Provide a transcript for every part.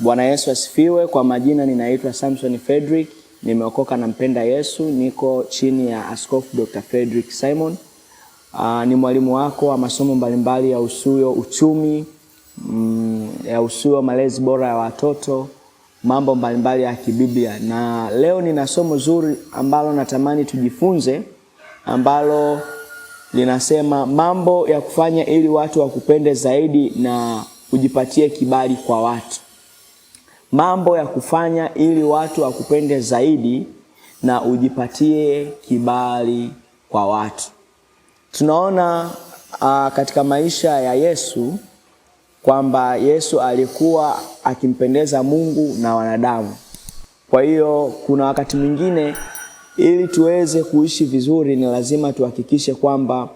Bwana Yesu asifiwe. Kwa majina ninaitwa Samson Fredrick, nimeokoka nampenda Yesu, niko chini ya Askofu Dr. Fredrick Simon. Uh, ni mwalimu wako wa masomo mbalimbali ya usuyo uchumi, mm, ya usuyo malezi bora ya watoto, mambo mbalimbali ya kibiblia, na leo nina somo zuri ambalo natamani tujifunze ambalo linasema mambo ya kufanya ili watu wakupende zaidi na ujipatie kibali kwa watu mambo ya kufanya ili watu wakupende zaidi na ujipatie kibali kwa watu. Tunaona uh, katika maisha ya Yesu kwamba Yesu alikuwa akimpendeza Mungu na wanadamu. Kwa hiyo kuna wakati mwingine ili tuweze kuishi vizuri ni lazima tuhakikishe kwamba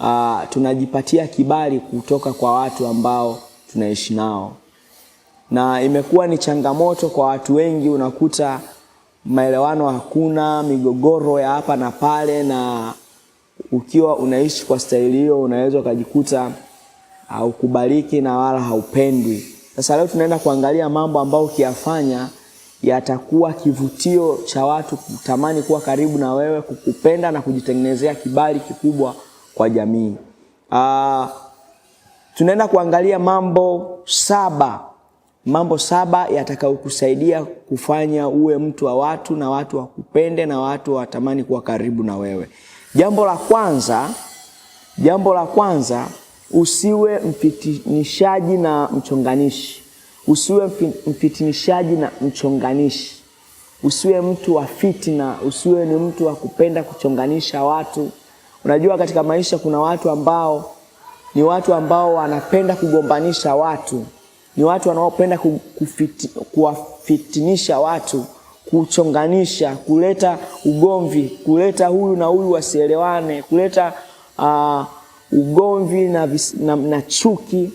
uh, tunajipatia kibali kutoka kwa watu ambao tunaishi nao na imekuwa ni changamoto kwa watu wengi, unakuta maelewano hakuna, migogoro ya hapa na pale, na ukiwa unaishi kwa staili hiyo unaweza ukajikuta haukubaliki na wala haupendwi. Sasa leo tunaenda kuangalia mambo ambayo ukiyafanya yatakuwa kivutio cha watu kutamani kuwa karibu na wewe, kukupenda na kujitengenezea kibali kikubwa kwa jamii. Uh, tunaenda kuangalia mambo saba mambo saba yatakayokusaidia kufanya uwe mtu wa watu na watu wakupende na watu watamani kuwa karibu na wewe. Jambo la kwanza, jambo la kwanza, usiwe mfitinishaji na mchonganishi. Usiwe mfitinishaji na mchonganishi. Usiwe mtu wa fitina, usiwe ni mtu wa kupenda kuchonganisha watu. Unajua, katika maisha kuna watu ambao ni watu ambao wanapenda kugombanisha watu ni watu wanaopenda kuwafitinisha watu, kuchonganisha, kuleta ugomvi, kuleta huyu na huyu wasielewane, kuleta uh, ugomvi na, na, na chuki.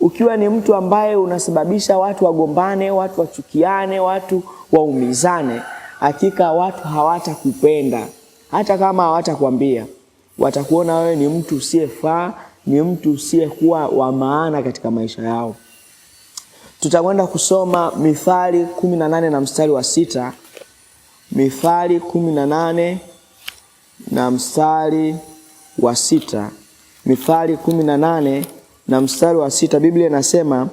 Ukiwa ni mtu ambaye unasababisha watu wagombane, watu wachukiane, watu waumizane, hakika watu hawatakupenda hata kama hawatakwambia. Watakuona wewe ni mtu usiyefaa, ni mtu usiyekuwa wa maana katika maisha yao. Tutakwenda kusoma Mithali kumi na nane na mstari wa sita. Mithali kumi na nane na mstari wa sita. Mithali kumi na nane na mstari wa sita, Biblia inasema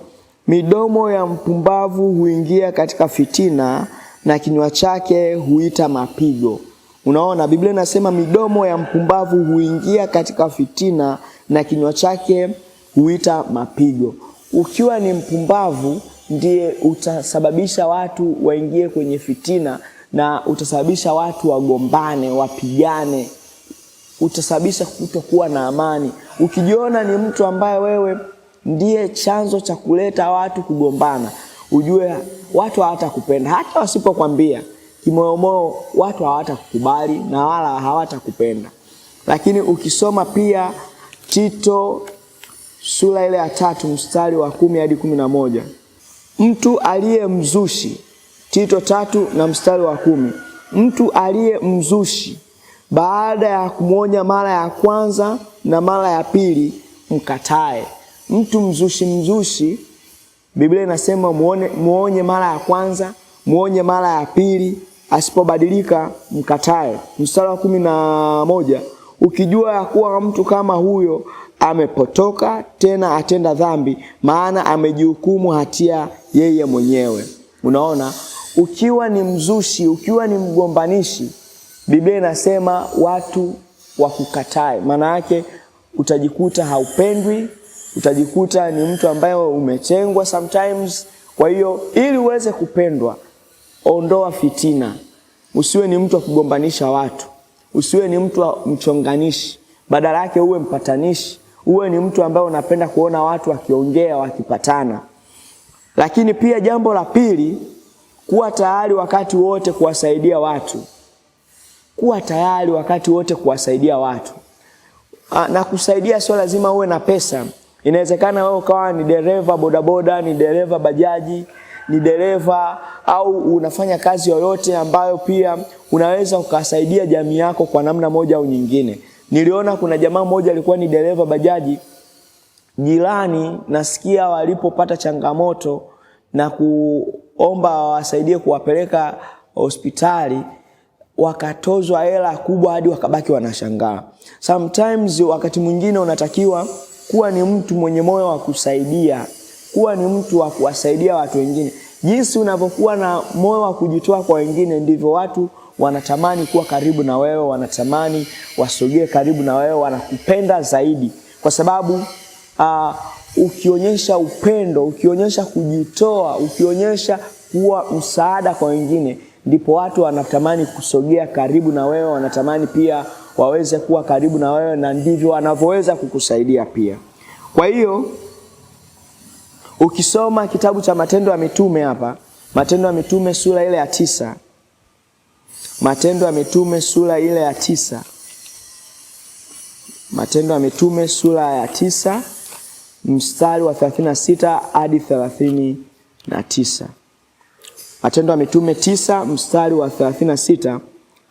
midomo ya mpumbavu huingia katika fitina na kinywa chake huita mapigo. Unaona, Biblia inasema midomo ya mpumbavu huingia katika fitina na kinywa chake huita mapigo. Ukiwa ni mpumbavu ndiye utasababisha watu waingie kwenye fitina na utasababisha watu wagombane, wapigane, utasababisha kutokuwa na amani. Ukijiona ni mtu ambaye wewe ndiye chanzo cha kuleta watu kugombana, ujue watu hawatakupenda hata wasipokwambia kimoyomoyo, watu hawatakukubali na wala hawatakupenda. Lakini ukisoma pia Tito sura ile ya tatu mstari wa kumi hadi kumi na moja mtu aliye mzushi. Tito tatu na mstari wa kumi mtu aliye mzushi baada ya kumwonya mara ya kwanza na mara ya pili mkatae. Mtu mzushi mzushi, Biblia inasema muone, muonye mara ya kwanza, muonye mara ya pili, asipobadilika mkatae. Mstari wa kumi na moja ukijua ya kuwa mtu kama huyo amepotoka tena atenda dhambi, maana amejihukumu hatia yeye mwenyewe. Unaona, ukiwa ni mzushi, ukiwa ni mgombanishi, Biblia inasema watu wakukatae, maana yake utajikuta haupendwi, utajikuta ni mtu ambaye umetengwa sometimes. Kwa hiyo ili uweze kupendwa, ondoa fitina, usiwe ni mtu wa kugombanisha watu. Usiwe ni mtu mchonganishi, badala yake uwe mpatanishi, uwe ni mtu ambaye unapenda kuona watu wakiongea, wakipatana. Lakini pia jambo la pili, kuwa tayari wakati wote kuwasaidia watu, kuwa tayari wakati wote kuwasaidia watu. Ah, na kusaidia sio lazima uwe na pesa. Inawezekana wewe ukawa ni dereva bodaboda, ni dereva bajaji ni dereva au unafanya kazi yoyote ambayo pia unaweza ukasaidia jamii yako kwa namna moja au nyingine. Niliona kuna jamaa mmoja alikuwa ni dereva bajaji, jirani nasikia walipopata changamoto na kuomba wasaidie kuwapeleka hospitali wakatozwa hela kubwa hadi wakabaki wanashangaa. Sometimes, wakati mwingine unatakiwa kuwa ni mtu mwenye moyo wa kusaidia kuwa ni mtu wa kuwasaidia watu wengine. Jinsi unavyokuwa na moyo wa kujitoa kwa wengine, ndivyo watu wanatamani kuwa karibu na wewe, wanatamani wasogee karibu na wewe, wanakupenda zaidi, kwa sababu uh, ukionyesha upendo, ukionyesha kujitoa, ukionyesha kuwa msaada kwa wengine, ndipo watu wanatamani kusogea karibu na wewe, wanatamani pia waweze kuwa karibu na wewe, na ndivyo wanavyoweza kukusaidia pia. Kwa hiyo Ukisoma kitabu cha Matendo ya Mitume hapa, Matendo ya Mitume sura ile ya tisa, Matendo ya Mitume sura ile ya tisa, Matendo ya Mitume sura ya tisa mstari wa 36 hadi 39. Matendo ya Mitume tisa mstari wa 36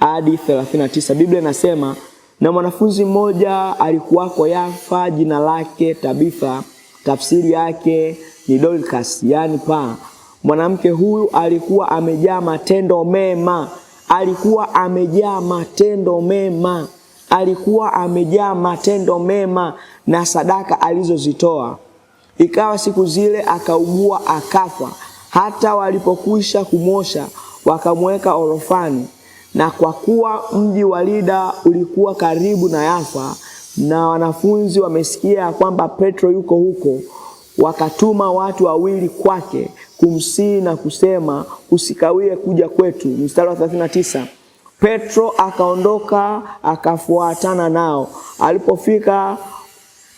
hadi 39, Biblia inasema na mwanafunzi mmoja alikuwako Yafa, jina lake Tabitha, tafsiri yake ni Dorcas, yani pa Mwanamke huyu alikuwa amejaa matendo mema, alikuwa amejaa matendo mema, alikuwa amejaa matendo mema na sadaka alizozitoa. Ikawa siku zile akaugua akafa. Hata walipokwisha kumwosha wakamweka orofani, na kwa kuwa mji wa Lida ulikuwa karibu na Yafa, na wanafunzi wamesikia ya kwamba Petro yuko huko wakatuma watu wawili kwake kumsihi na kusema, usikawie kuja kwetu. Mstari wa 39, Petro akaondoka akafuatana nao. Alipofika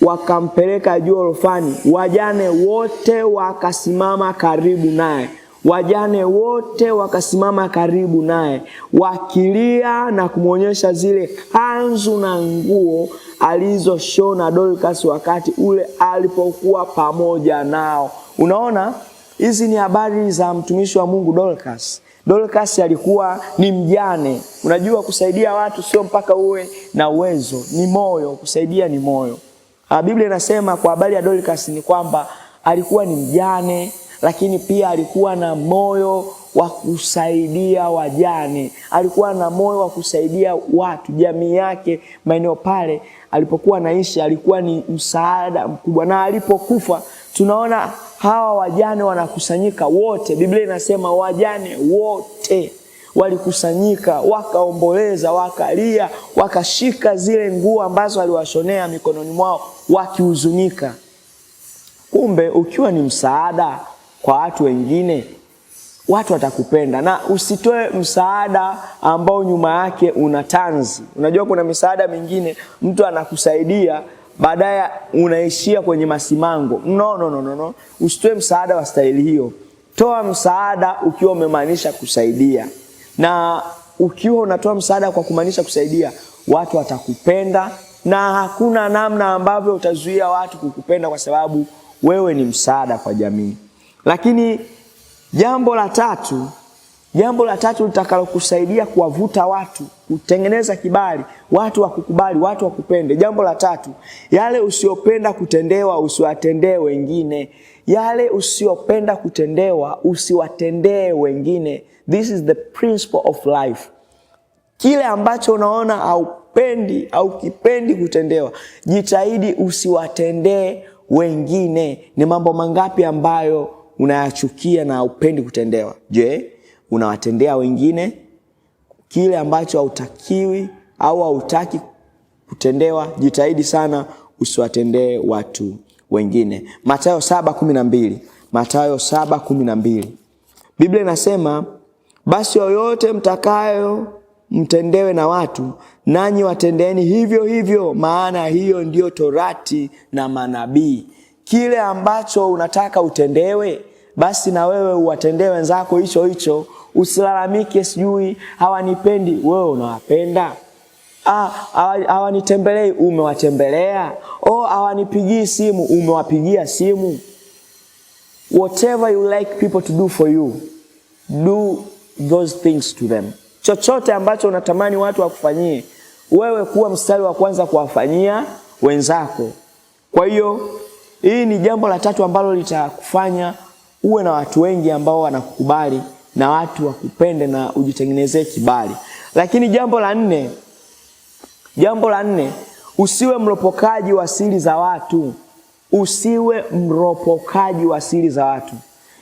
wakampeleka juu orofani, wajane wote wakasimama karibu naye wajane wote wakasimama karibu naye wakilia na kumwonyesha zile kanzu na nguo alizoshona Dorcas wakati ule alipokuwa pamoja nao. Unaona, hizi ni habari za mtumishi wa Mungu Dorcas. Dorcas alikuwa ni mjane. Unajua, kusaidia watu sio mpaka uwe na uwezo, ni moyo. Kusaidia ni moyo. Ah, Biblia inasema kwa habari ya Dorcas ni kwamba alikuwa ni mjane lakini pia alikuwa na moyo wa kusaidia wajane, alikuwa na moyo wa kusaidia watu jamii yake. Maeneo pale alipokuwa naishi alikuwa ni msaada mkubwa, na alipokufa tunaona hawa wajane wanakusanyika wote. Biblia inasema wajane wote walikusanyika wakaomboleza, wakalia, wakashika zile nguo ambazo aliwashonea mikononi mwao wakihuzunika. Kumbe ukiwa ni msaada kwa watu wengine, watu watakupenda, na usitoe msaada ambao nyuma yake una tanzi. Unajua kuna misaada mingine mtu anakusaidia baadaye unaishia kwenye masimango. No, no, no, no, no. Usitoe msaada wa staili hiyo. Toa msaada ukiwa umemaanisha kusaidia, na ukiwa unatoa msaada kwa kumaanisha kusaidia, watu watakupenda na hakuna namna ambavyo utazuia watu kukupenda kwa sababu wewe ni msaada kwa jamii. Lakini jambo la tatu, jambo la tatu litakalokusaidia kuwavuta watu, kutengeneza kibali, watu wakukubali, watu wakupende. Jambo la tatu, yale usiopenda kutendewa usiwatendee wengine. Yale usiopenda kutendewa usiwatendee wengine. This is the principle of life. Kile ambacho unaona haupendi au kipendi kutendewa, jitahidi usiwatendee wengine. Ni mambo mangapi ambayo unayachukia na upendi kutendewa. Je, unawatendea wengine kile ambacho hautakiwi au hautaki kutendewa? Jitahidi sana usiwatendee watu wengine. Mathayo saba kumi na mbili Mathayo saba kumi na mbili Biblia inasema basi yoyote mtakayo mtendewe na watu, nanyi watendeeni hivyo hivyo, maana hiyo ndiyo torati na manabii kile ambacho unataka utendewe, basi na wewe uwatendee wenzako hicho hicho. Usilalamike sijui hawanipendi, wewe unawapenda. Ah, hawanitembelei, umewatembelea. Oh, hawanipigii simu, umewapigia simu. Whatever you like people to do for you, do those things to them. Chochote ambacho unatamani watu wakufanyie, wewe kuwa mstari wa kwanza kuwafanyia wenzako. Kwa hiyo hii ni jambo la tatu ambalo litakufanya uwe na watu wengi ambao wanakukubali na watu wakupende na ujitengenezee kibali. Lakini jambo la nne, jambo la nne, usiwe mropokaji wa siri za watu. Usiwe mropokaji wa siri za watu.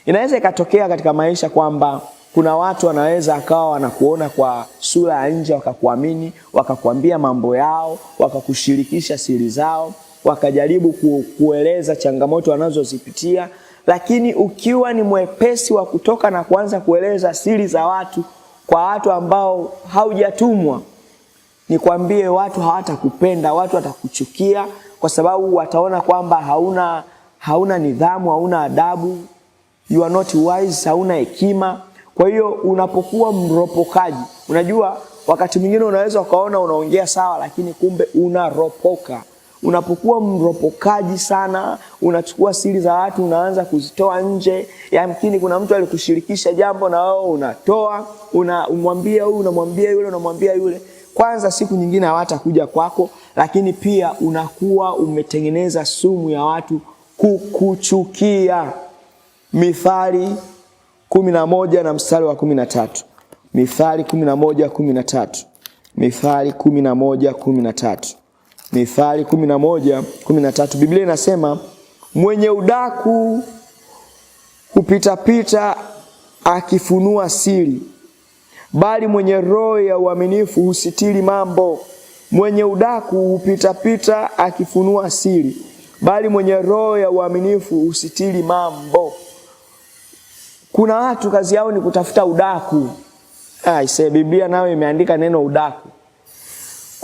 Inaweza ikatokea katika maisha kwamba kuna watu wanaweza akawa wanakuona kwa sura ya nje, wakakuamini, wakakuambia mambo yao, wakakushirikisha siri zao, wakajaribu kueleza changamoto wanazozipitia, lakini ukiwa ni mwepesi wa kutoka na kuanza kueleza siri za watu kwa watu ambao haujatumwa, nikwambie, watu hawatakupenda, watu watakuchukia, kwa sababu wataona kwamba hauna hauna nidhamu, hauna adabu, you are not wise, hauna hekima. Kwa hiyo unapokuwa mropokaji, unajua wakati mwingine unaweza ukaona unaongea sawa, lakini kumbe unaropoka. Unapokuwa mropokaji sana, unachukua siri za watu unaanza kuzitoa nje. Yamkini kuna mtu alikushirikisha jambo na wewe unatoa, unamwambia huyu, unamwambia yule, unamwambia yule. Kwanza siku nyingine hawatakuja kwako, lakini pia unakuwa umetengeneza sumu ya watu kukuchukia. Mithali kumi na moja na mstari wa kumi na tatu. Mithali kumi na moja kumi na tatu. Mithali kumi na moja kumi na tatu. Mithali kumi na moja kumi na tatu Biblia inasema mwenye udaku hupitapita akifunua siri, bali mwenye roho ya uaminifu husitiri mambo. Mwenye udaku hupitapita akifunua siri, bali mwenye roho ya uaminifu husitiri mambo. Kuna watu kazi yao ni kutafuta udaku. Aise, Biblia nayo imeandika neno udaku.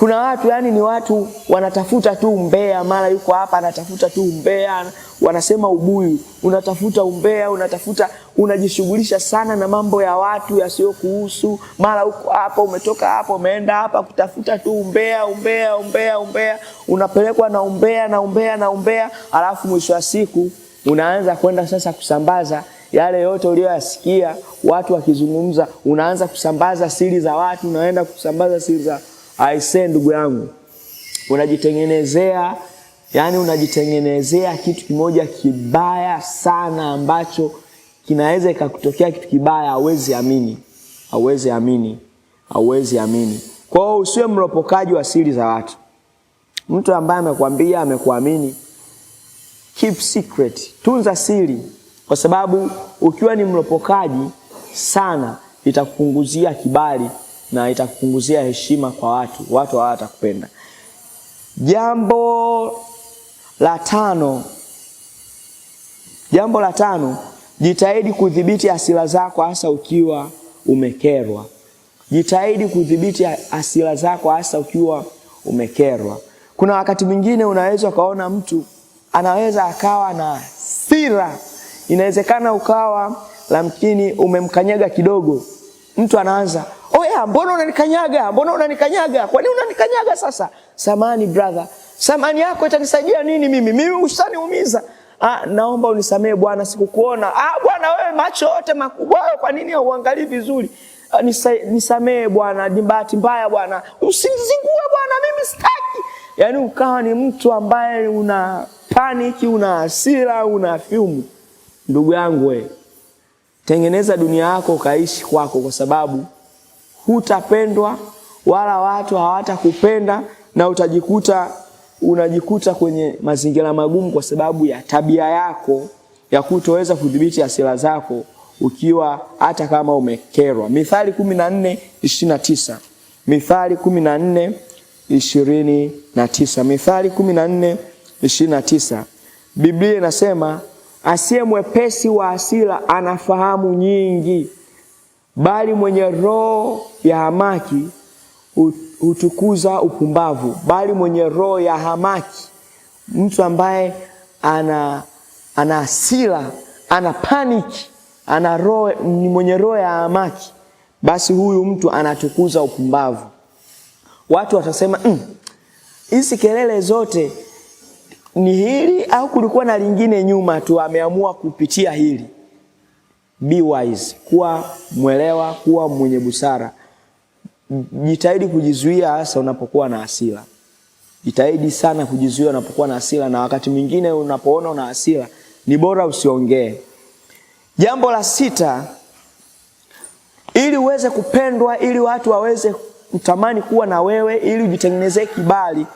Kuna watu yani ni watu wanatafuta tu umbea, mara yuko hapa anatafuta tu umbea, wanasema ubuyu, unatafuta umbea, unatafuta unajishughulisha sana na mambo ya watu yasiyokuhusu, mara huko hapa, umetoka hapa, umeenda hapa kutafuta tu umbea, umbea, umbea, umbea, unapelekwa na umbea na umbea na umbea, alafu mwisho wa siku unaanza kwenda sasa kusambaza yale yote uliyoyasikia watu wakizungumza, unaanza kusambaza siri za watu, unaenda kusambaza siri za Aisee, ndugu yangu, unajitengenezea yani, unajitengenezea kitu kimoja kibaya sana ambacho kinaweza ikakutokea kitu kibaya. Hauwezi amini, hauwezi amini, hauwezi amini. Kwa hiyo usiwe mropokaji wa siri za watu. Mtu ambaye amekwambia amekuamini, keep secret, tunza siri, kwa sababu ukiwa ni mropokaji sana itakupunguzia kibali na itakupunguzia heshima kwa watu, watu hawatakupenda. Jambo la tano, jambo la tano, jitahidi kudhibiti hasira zako, hasa ukiwa umekerwa. Jitahidi kudhibiti hasira zako, hasa ukiwa umekerwa. Kuna wakati mwingine unaweza ukaona mtu anaweza akawa na hasira, inawezekana ukawa lamkini umemkanyaga kidogo, mtu anaanza oh yeah, mbona unanikanyaga? Mbona unanikanyaga? Kwa nini unanikanyaga? Sasa samani brother, samani yako itanisaidia nini mimi? Mimi usaniumiza. Ah, naomba unisamehe bwana, sikukuona. Ah, bwana wewe, macho yote makubwa kwa nini hauangalii vizuri? Ah, nisamehe bwana, ni bahati mbaya bwana, usizingue bwana, mimi sitaki. Yaani ukawa ni mtu ambaye una paniki, una hasira, una fiumu. Ndugu yangu, we tengeneza dunia yako ukaishi kwako, kwa sababu hutapendwa wala watu hawatakupenda na utajikuta unajikuta kwenye mazingira magumu kwa sababu ya tabia yako ya kutoweza kudhibiti hasira zako ukiwa hata kama umekerwa. Mithali kumi na Mithali kumi na Mithali kumi na Biblia inasema asiye mwepesi wa hasira anafahamu nyingi bali mwenye roho ya hamaki hutukuza upumbavu, bali mwenye roho ya hamaki, mtu ambaye ana ana hasira, ana paniki, ana roho, mwenye roho ya hamaki, basi huyu mtu anatukuza upumbavu. Watu watasema mm, hizi mm, kelele zote ni hili au kulikuwa na lingine nyuma tu ameamua kupitia hili? Be wise, kuwa mwelewa, kuwa mwenye busara. Jitahidi kujizuia hasa unapokuwa na hasira. Jitahidi sana kujizuia unapokuwa na hasira, na wakati mwingine unapoona una hasira ni bora usiongee. Jambo la sita, ili uweze kupendwa, ili watu waweze kutamani kuwa na wewe, ili ujitengenezee kibali.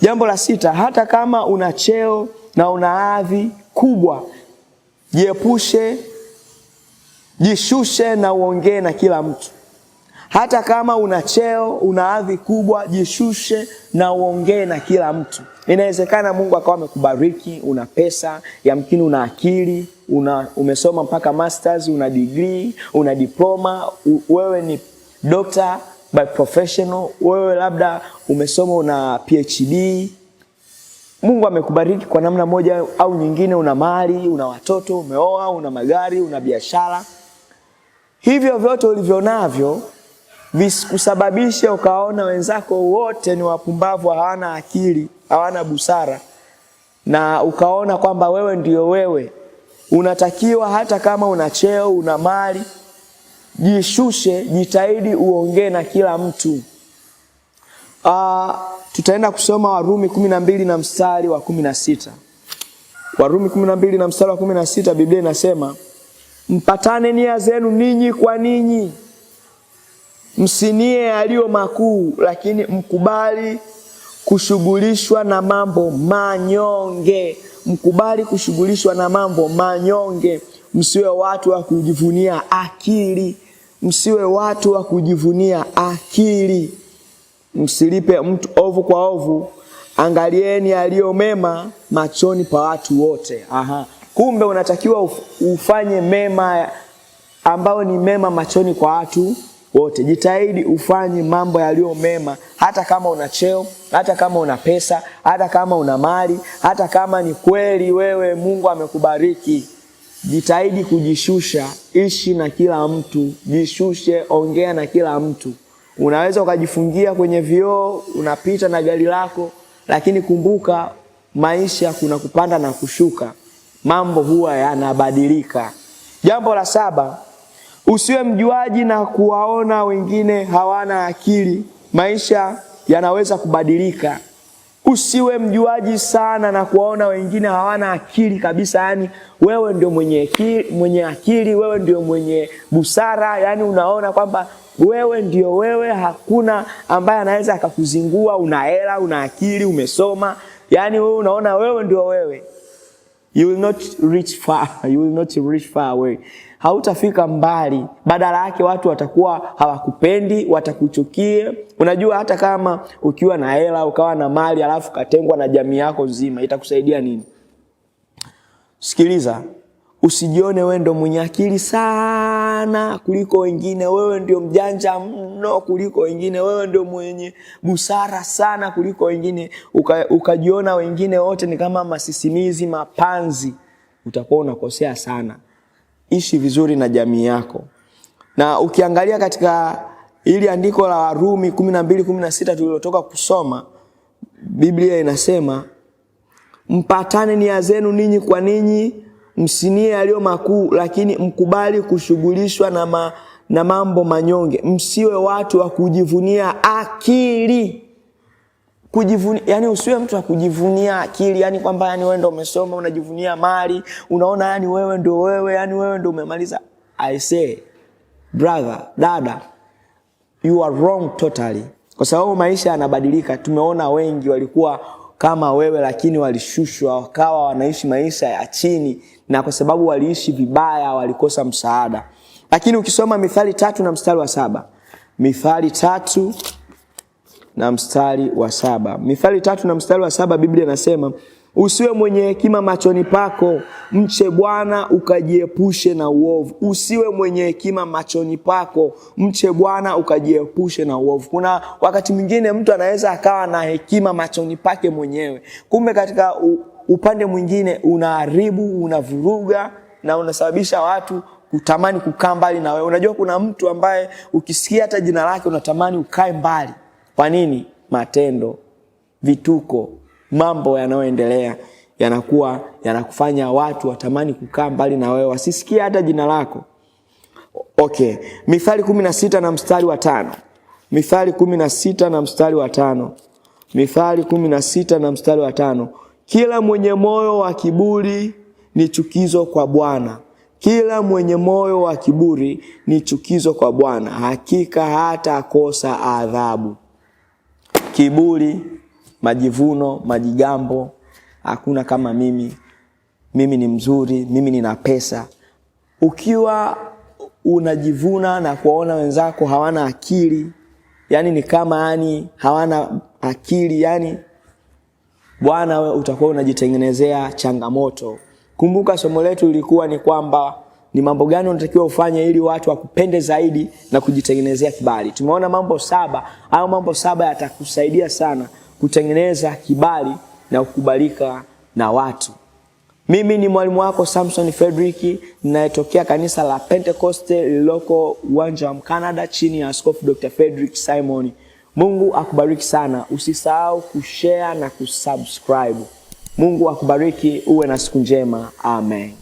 Jambo la sita, hata kama una cheo na una hadhi kubwa, jiepushe Jishushe na uongee na kila mtu. Hata kama una cheo, una hadhi kubwa, jishushe na uongee na kila mtu. Inawezekana Mungu akawa amekubariki, una pesa, yamkini una akili, una umesoma mpaka masters, una degree, una diploma, u, wewe ni doctor by professional, wewe labda umesoma una PhD. Mungu amekubariki kwa namna moja au nyingine, una mali, una watoto, umeoa, una magari, una biashara hivyo vyote ulivyonavyo visikusababishe ukaona wenzako wote ni wapumbavu, hawana akili, hawana busara, na ukaona kwamba wewe ndio wewe. Unatakiwa hata kama una cheo, una mali, jishushe, jitahidi uongee na kila mtu. Aa, ah, tutaenda kusoma Warumi kumi na mbili na mstari wa kumi na sita. Warumi kumi na mbili na mstari wa kumi na sita, Biblia inasema mpatane nia zenu ninyi kwa ninyi, msinie yaliyo makuu, lakini mkubali kushughulishwa na mambo manyonge. Mkubali kushughulishwa na mambo manyonge, msiwe watu wa kujivunia akili, msiwe watu wa kujivunia akili. Msilipe mtu ovu kwa ovu, angalieni yaliyo mema machoni pa watu wote. Aha. Kumbe unatakiwa ufanye mema ambayo ni mema machoni kwa watu wote. Jitahidi ufanye mambo yaliyo mema, hata kama una cheo, hata kama una pesa, hata kama una mali, hata kama ni kweli wewe Mungu amekubariki. Jitahidi kujishusha, ishi na kila mtu, jishushe, ongea na kila mtu. Unaweza ukajifungia kwenye vioo, unapita na gari lako, lakini kumbuka maisha kuna kupanda na kushuka mambo huwa yanabadilika. Jambo la saba, usiwe mjuaji na kuwaona wengine hawana akili. Maisha yanaweza kubadilika. Usiwe mjuaji sana na kuwaona wengine hawana akili kabisa, yani wewe ndio mwenye akili, mwenye akili wewe ndio mwenye busara, yani unaona kwamba wewe ndio wewe, hakuna ambaye anaweza akakuzingua. Una hela, una akili, umesoma, yani wewe unaona wewe ndio wewe. You will not reach far. You will not reach far away. Hautafika mbali, badala yake watu watakuwa hawakupendi, watakuchukia. Unajua, hata kama ukiwa na hela ukawa na mali alafu katengwa na jamii yako nzima, itakusaidia nini? Sikiliza, Usijione wewe ndo mwenye akili sana kuliko wengine, wewe ndio mjanja mno kuliko wengine, wewe ndio mwenye busara sana kuliko wengine, ukajiona uka wengine wote ni kama masisimizi, mapanzi, utakuwa unakosea sana. Ishi vizuri na jamii yako, na ukiangalia katika ili andiko la Warumi 16 tulilotoka kusoma, Biblia inasema mpatane nia zenu ninyi kwa ninyi msinie yaliyo makuu, lakini mkubali kushughulishwa na, ma, na mambo manyonge, msiwe watu wa kujivunia akili kujivunia yani, usiwe mtu wa kujivunia akili, yani kwamba yani wewe ndio umesoma unajivunia mali, unaona yani wewe ndio wewe, yani wewe ndio umemaliza. I say brother, dada, you are wrong totally, kwa sababu maisha yanabadilika. Tumeona wengi walikuwa kama wewe, lakini walishushwa wakawa wanaishi maisha ya chini, na kwa sababu waliishi vibaya walikosa msaada. Lakini ukisoma Mithali tatu na mstari wa saba Mithali tatu na mstari wa saba Mithali tatu na mstari wa saba Biblia inasema Usiwe mwenye hekima machoni pako, mche Bwana ukajiepushe na uovu. Usiwe mwenye hekima machoni pako, mche Bwana ukajiepushe na uovu. Kuna wakati mwingine mtu anaweza akawa na hekima machoni pake mwenyewe, kumbe katika upande mwingine unaharibu, unavuruga na unasababisha watu kutamani kukaa mbali na wewe. Unajua kuna mtu ambaye ukisikia hata jina lake unatamani ukae mbali. Kwa nini? Matendo, vituko mambo yanayoendelea yanakuwa yanakufanya watu watamani kukaa mbali na wewe, wasisikie hata jina lako. Okay, Mithali kumi na sita na mstari wa tano. Mithali kumi na sita na mstari wa tano. Mithali kumi na sita na mstari wa tano. Kila mwenye moyo wa kiburi ni chukizo kwa Bwana, kila mwenye moyo wa kiburi ni chukizo kwa Bwana, hakika hata kosa adhabu. Kiburi majivuno, majigambo, hakuna kama mimi, mimi ni mzuri, mimi nina pesa. Ukiwa unajivuna na kuwaona wenzako hawana akili, yani ni kama yani hawana akili, yani bwana, we utakuwa unajitengenezea changamoto. Kumbuka somo letu ilikuwa ni kwamba ni mambo gani unatakiwa ufanye ili watu wakupende zaidi na kujitengenezea kibali. Tumeona mambo saba, au mambo saba yatakusaidia sana kutengeneza kibali na kukubalika na watu. Mimi ni mwalimu wako Samson Frederick ninayetokea kanisa la Pentekoste lililoko uwanja wa Mkanada chini ya Askofu Dr. Frederick Simon. Mungu akubariki sana, usisahau kushare na kusubscribe. Mungu akubariki, uwe na siku njema. Amen.